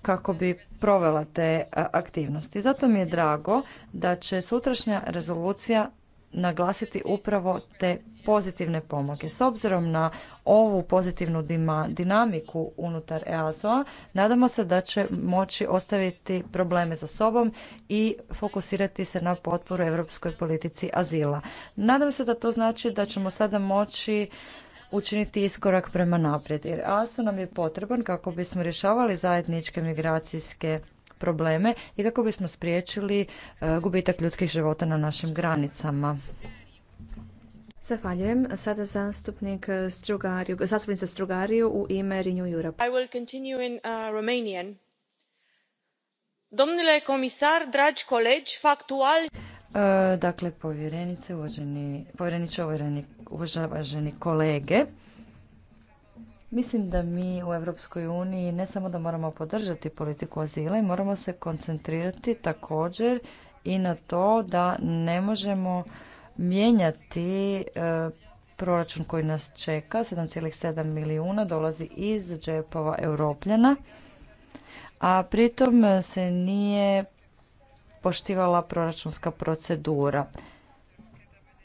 kako bi provela te e, aktivnosti. Zato mi je drago da će sutrašnja rezolucija naglasiti upravo te pozitivne pomake. S obzirom na ovu pozitivnu dinamiku unutar EASO-a, nadamo se da će moći ostaviti probleme za sobom i fokusirati se na potporu europskoj politici azila. Nadam se da to znači da ćemo sada moći učiniti iskorak prema naprijed. Jer ASO nam je potreban kako bismo rješavali zajedničke migracijske probleme i kako bismo spriječili e, gubitak ljudskih života na našim granicama. Zahvaljujem. Sada zastupnik Strugariju, zastupnica Strugariju u ime Renew Europe. I will continue in uh, Romanian. Domnule dragi colegi, factual... E, dakle, povjerenice, uvaženi, povjereniče, uvaženi kolege, Mislim da mi u Europskoj uniji ne samo da moramo podržati politiku azila i moramo se koncentrirati također i na to da ne možemo mijenjati e, proračun koji nas čeka, 7,7 milijuna dolazi iz džepova europljana, a pritom se nije poštivala proračunska procedura.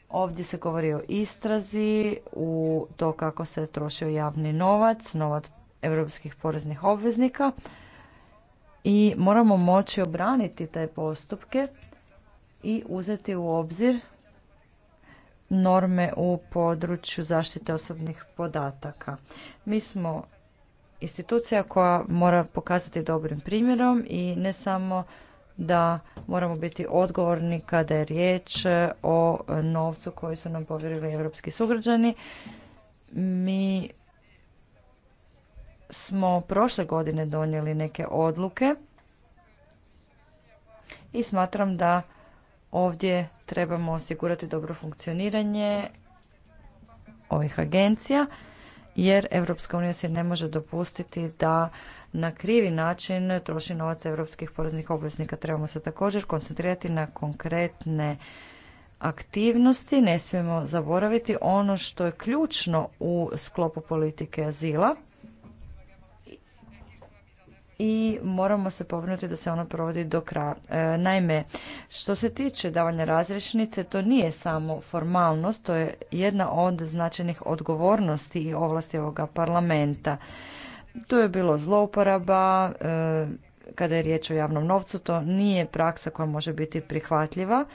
Ovdje se govori o istrazi, u to kako se trošio javni novac, novac europskih poreznih obveznika i moramo moći obraniti te postupke i uzeti u obzir norme u području zaštite osobnih podataka. Mi smo institucija koja mora pokazati dobrim primjerom i ne samo da moramo biti odgovorni kada je riječ e, o novcu koji su nam povjerili europski sugrađani. Mi smo prošle godine donijeli neke odluke i smatram da ovdje trebamo osigurati dobro funkcioniranje ovih agencija jer Europska unija se ne može dopustiti da na krivi način troši novac europskih poreznih obveznika. Trebamo se također koncentrirati na konkretne aktivnosti. Ne smijemo zaboraviti ono što je ključno u sklopu politike azila i moramo se pobrinuti da se ono provodi do kraja. E, naime, što se tiče davanja razrešnice, to nije samo formalnost, to je jedna od značajnih odgovornosti i ovlasti ovoga parlamenta. Tu je bilo zlouporaba, e, kada je riječ o javnom novcu, to nije praksa koja može biti prihvatljiva.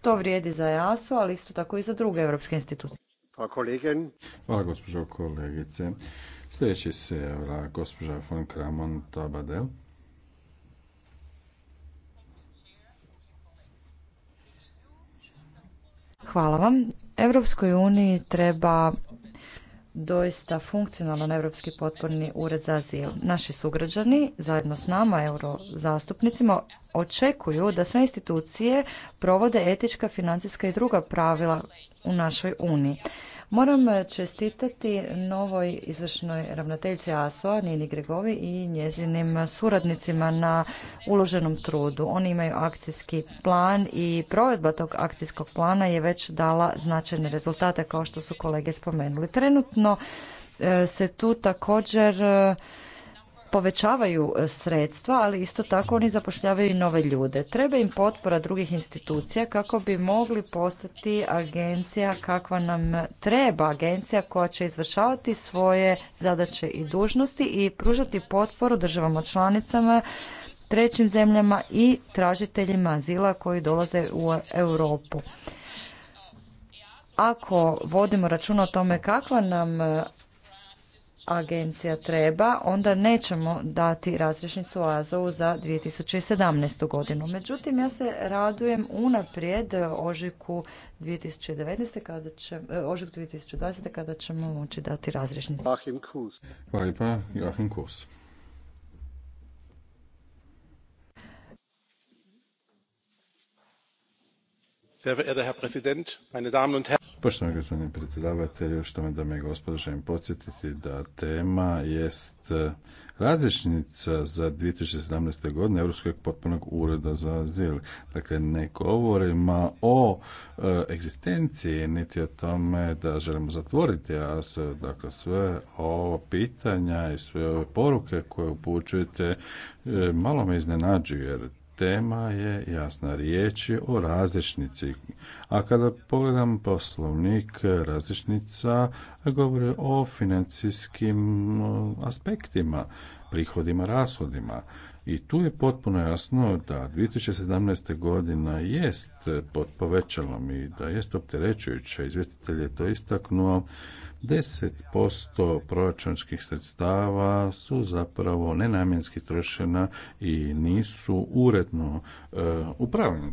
To vrijedi za EASO, ali isto tako i za druge europske institucije. Hvala gospođo kolegice. Sljedeći se je gospođa von Kramon Tabadel. Hvala vam. Europskoj uniji treba doista funkcionalan Europski potporni ured za azil. Naši sugrađani, zajedno s nama, eurozastupnicima, očekuju da sve institucije provode etička, financijska i druga pravila u našoj Uniji. Moram e, čestitati novoj izvršnoj ravnateljci aso Nini Gregovi i njezinim suradnicima na uloženom trudu. Oni imaju akcijski plan i provedba tog akcijskog plana je već dala značajne rezultate kao što su kolege spomenuli. Trenutno e, se tu također povećavaju e, sredstva, ali isto tako oni zapošljavaju i nove ljude. Treba im potpora drugih institucija kako bi mogli postati agencija kakva nam treba, agencija koja će izvršavati svoje zadaće i dužnosti i pružati potporu državama članicama trećim zemljama i tražiteljima azila koji dolaze u Europu. Ako vodimo računa o tome kakva nam agencija treba, onda nećemo dati razrješnicu Azovu za 2017. godinu. Međutim, ja se radujem unaprijed ožiku 2019. kada će, e, tisuće 2020. kada ćemo moći dati razrješnicu. Joachim Poštovani gospodine predsjedavatelju, me dame i gospodo, želim podsjetiti da tema jest e, različnica za 2017. godine Europskog potpunog ureda za azil. Dakle, ne govorimo o e, egzistenciji, niti o tome da želimo zatvoriti a Dakle, sve ova pitanja i sve ove poruke koje upućujete e, malo me iznenađuju, jer tema je jasna riječ je o različnici. A kada pogledam poslovnik, različnica govori o financijskim aspektima, prihodima, rashodima. I tu je potpuno jasno da 2017. godina jest pod povećalom i da jest opterećujuća. Izvjestitelj je to istaknuo 10% proračunskih sredstava su zapravo nenamjenski trošena i nisu uredno e,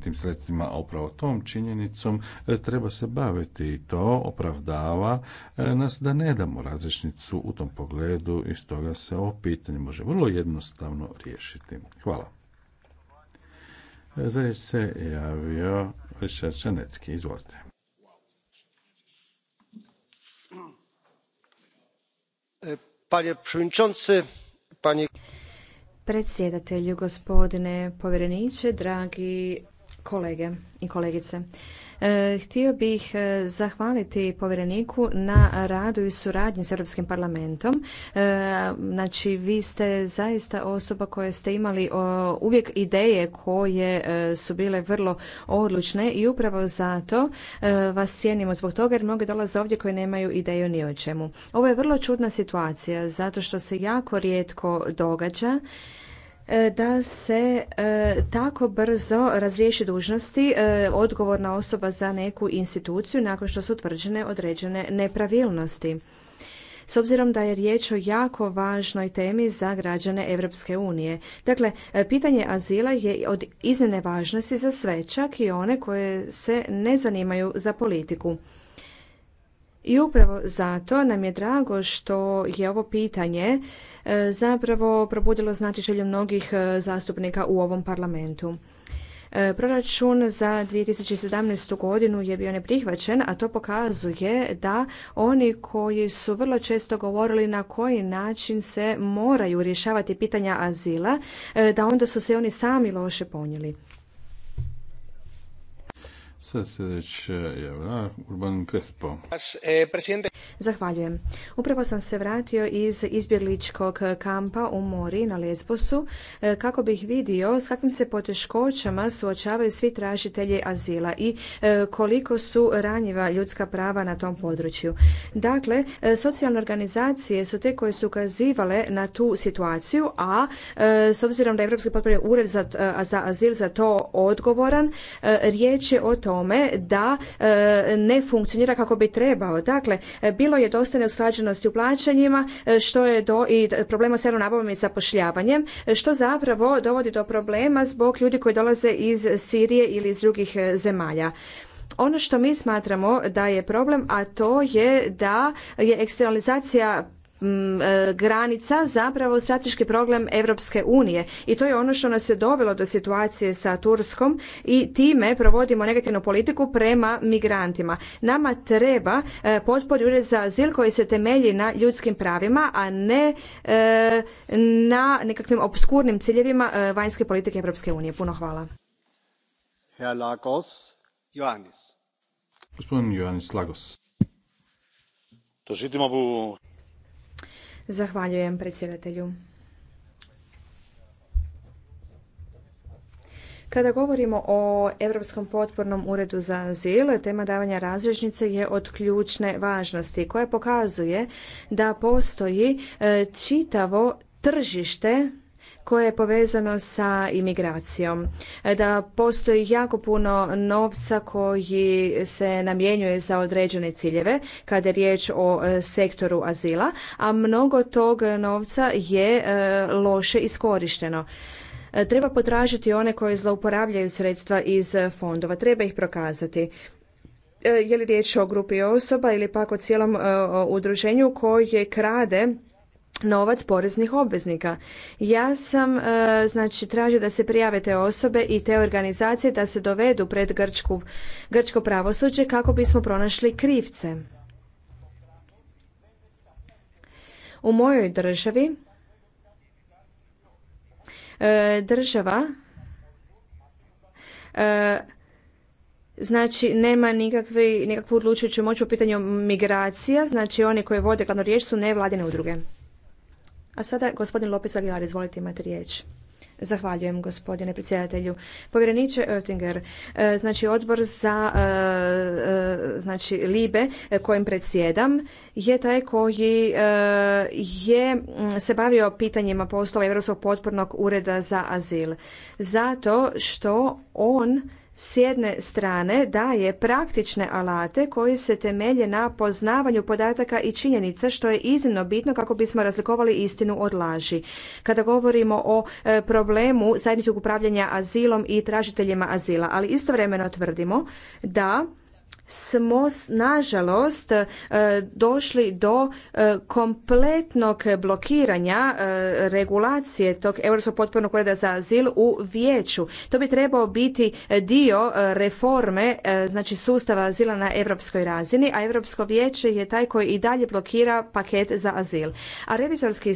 tim sredstvima, a upravo tom činjenicom eh, treba se baviti i to opravdava eh, nas da ne damo različnicu u tom pogledu i stoga se ovo pitanje može vrlo jednostavno riješiti. Hvala. Za se javio Richard Čanecki, izvolite. panie przewodniczący! predsjedatelju gospodine povjereniče dragi kolege i kolegice. E, htio bih e, zahvaliti povjereniku na radu i suradnji s Europskim parlamentom. E, znači, vi ste zaista osoba koja ste imali uvijek ideje koje su bile vrlo odlučne i upravo zato vas cijenimo zbog toga jer mnogi dolaze ovdje koji nemaju ideju ni o čemu. Ovo je vrlo čudna situacija zato što se jako rijetko događa E, da se e, tako brzo razriješi dužnosti e, odgovorna osoba za neku instituciju nakon što su utvrđene određene nepravilnosti. S obzirom da je riječ o jako važnoj temi za građane Europske unije. Dakle, pitanje azila je od iznimne važnosti za sve, čak i one koje se ne zanimaju za politiku. I upravo zato nam je drago što je ovo pitanje e, zapravo probudilo znatiželju mnogih e, zastupnika u ovom parlamentu. E, proračun za 2017. godinu je bio neprihvaćen, a to pokazuje da oni koji su vrlo često govorili na koji način se moraju rješavati pitanja azila, da onda su se oni sami loše ponijeli. Eh, Zahvaljujem. Upravo sam se vratio iz izbjegličkog kampa u Mori na Lesbosu eh, kako bih vidio s kakvim se poteškoćama suočavaju svi tražitelji azila i eh, koliko su ranjiva ljudska prava na tom području. Dakle, socijalne organizacije su te koje su ukazivale na tu situaciju, a s obzirom da je Europski ured za, za azil za to odgovoran, riječ je o to tome da e, ne funkcionira kako bi trebao. Dakle, bilo je dosta neusklađenosti u plaćanjima, e, što je do i problema s javnom nabavom i zapošljavanjem, e, što zapravo dovodi do problema zbog ljudi koji dolaze iz Sirije ili iz drugih zemalja. Ono što mi smatramo da je problem, a to je da je eksternalizacija Mm, e, granica zapravo strateški problem Europske unije i to je ono što nas je dovelo do situacije sa Turskom i time provodimo negativnu politiku prema migrantima. Nama treba e, potpor ured za azil koji se temelji na ljudskim pravima, a ne e, na nekakvim obskurnim ciljevima vanjske politike Europske unije. Puno hvala. Herr Lagos, Johannes. Gospodin Johannes Lagos. To žitimo bu Zahvaljujem predsjedatelju. Kada govorimo o Europskom potpornom uredu za azil, tema davanja razrežnice je od ključne važnosti koja pokazuje da postoji e, čitavo tržište koje je povezano sa imigracijom. E, da postoji jako puno novca koji se namjenjuje za određene ciljeve kada je riječ o e, sektoru azila, a mnogo tog novca je e, loše iskorišteno. Treba potražiti one koje zlouporabljaju sredstva iz fondova, treba ih prokazati je li riječ o grupi osoba ili pak o cijelom udruženju koje krade novac poreznih obveznika. Ja sam e, znači tražio da se prijave te osobe i te organizacije da se dovedu pred Grčku, grčko pravosuđe kako bismo pronašli krivce. U mojoj državi e, država e, znači nema nikakve, nikakvu odlučujuću moć po pitanju migracija, znači oni koji vode glavno riječ su nevladine udruge. A sada gospodin Lopis Aguilar, izvolite imati riječ. Zahvaljujem gospodine predsjedatelju. Povjereniče Oettinger, e, znači odbor za e, e, znači Libe kojim predsjedam je taj koji je se bavio pitanjima poslova Europskog potpornog ureda za azil. Zato što on s jedne strane daje praktične alate koji se temelje na poznavanju podataka i činjenica što je iznimno bitno kako bismo razlikovali istinu od laži. Kada govorimo o e, problemu zajedničkog upravljanja azilom i tražiteljima azila, ali istovremeno tvrdimo da smo nažalost e, došli do e, kompletnog blokiranja e, regulacije tog Europskog potpornog ureda za azil u vijeću. To bi trebao biti dio reforme znači sustava azila na europskoj razini, a Europsko vijeće je taj koji i dalje blokira paket za azil. A revizorski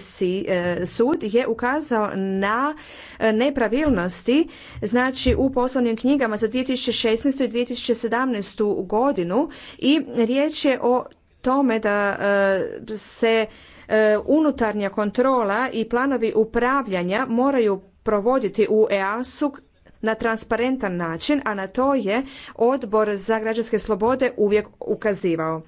sud je ukazao na nepravilnosti znači u poslovnim knjigama za 2016. i 2017. godinu godinu i riječ je o tome da e, se e, unutarnja kontrola i planovi upravljanja moraju provoditi u EASU na transparentan način, a na to je odbor za građanske slobode uvijek ukazivao.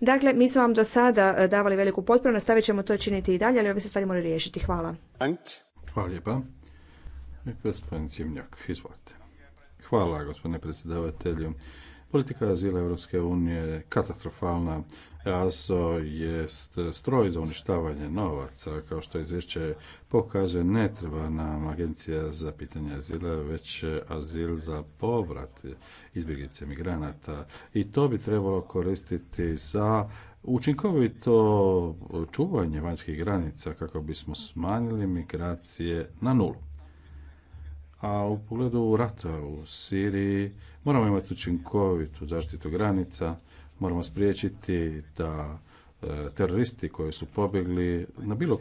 Dakle, mi smo vam do sada e, davali veliku potporu, nastavit ćemo to činiti i dalje, ali ove se stvari moraju riješiti. Hvala. Hvala Gospodin Hvala gospodine predsjedavatelju. Politika azila Europske unije je katastrofalna. EASO jest stroj za uništavanje novaca, kao što izvješće pokaže, ne treba nam agencija za pitanje azila, već azil za povrat izbjeglice migranata. I to bi trebalo koristiti za učinkovito čuvanje vanjskih granica kako bismo smanjili migracije na nulu. A u pogledu rata u Siriji, Moramo imati učinkovitu zaštitu granica, moramo spriječiti da e, teroristi koji su pobjegli na bilo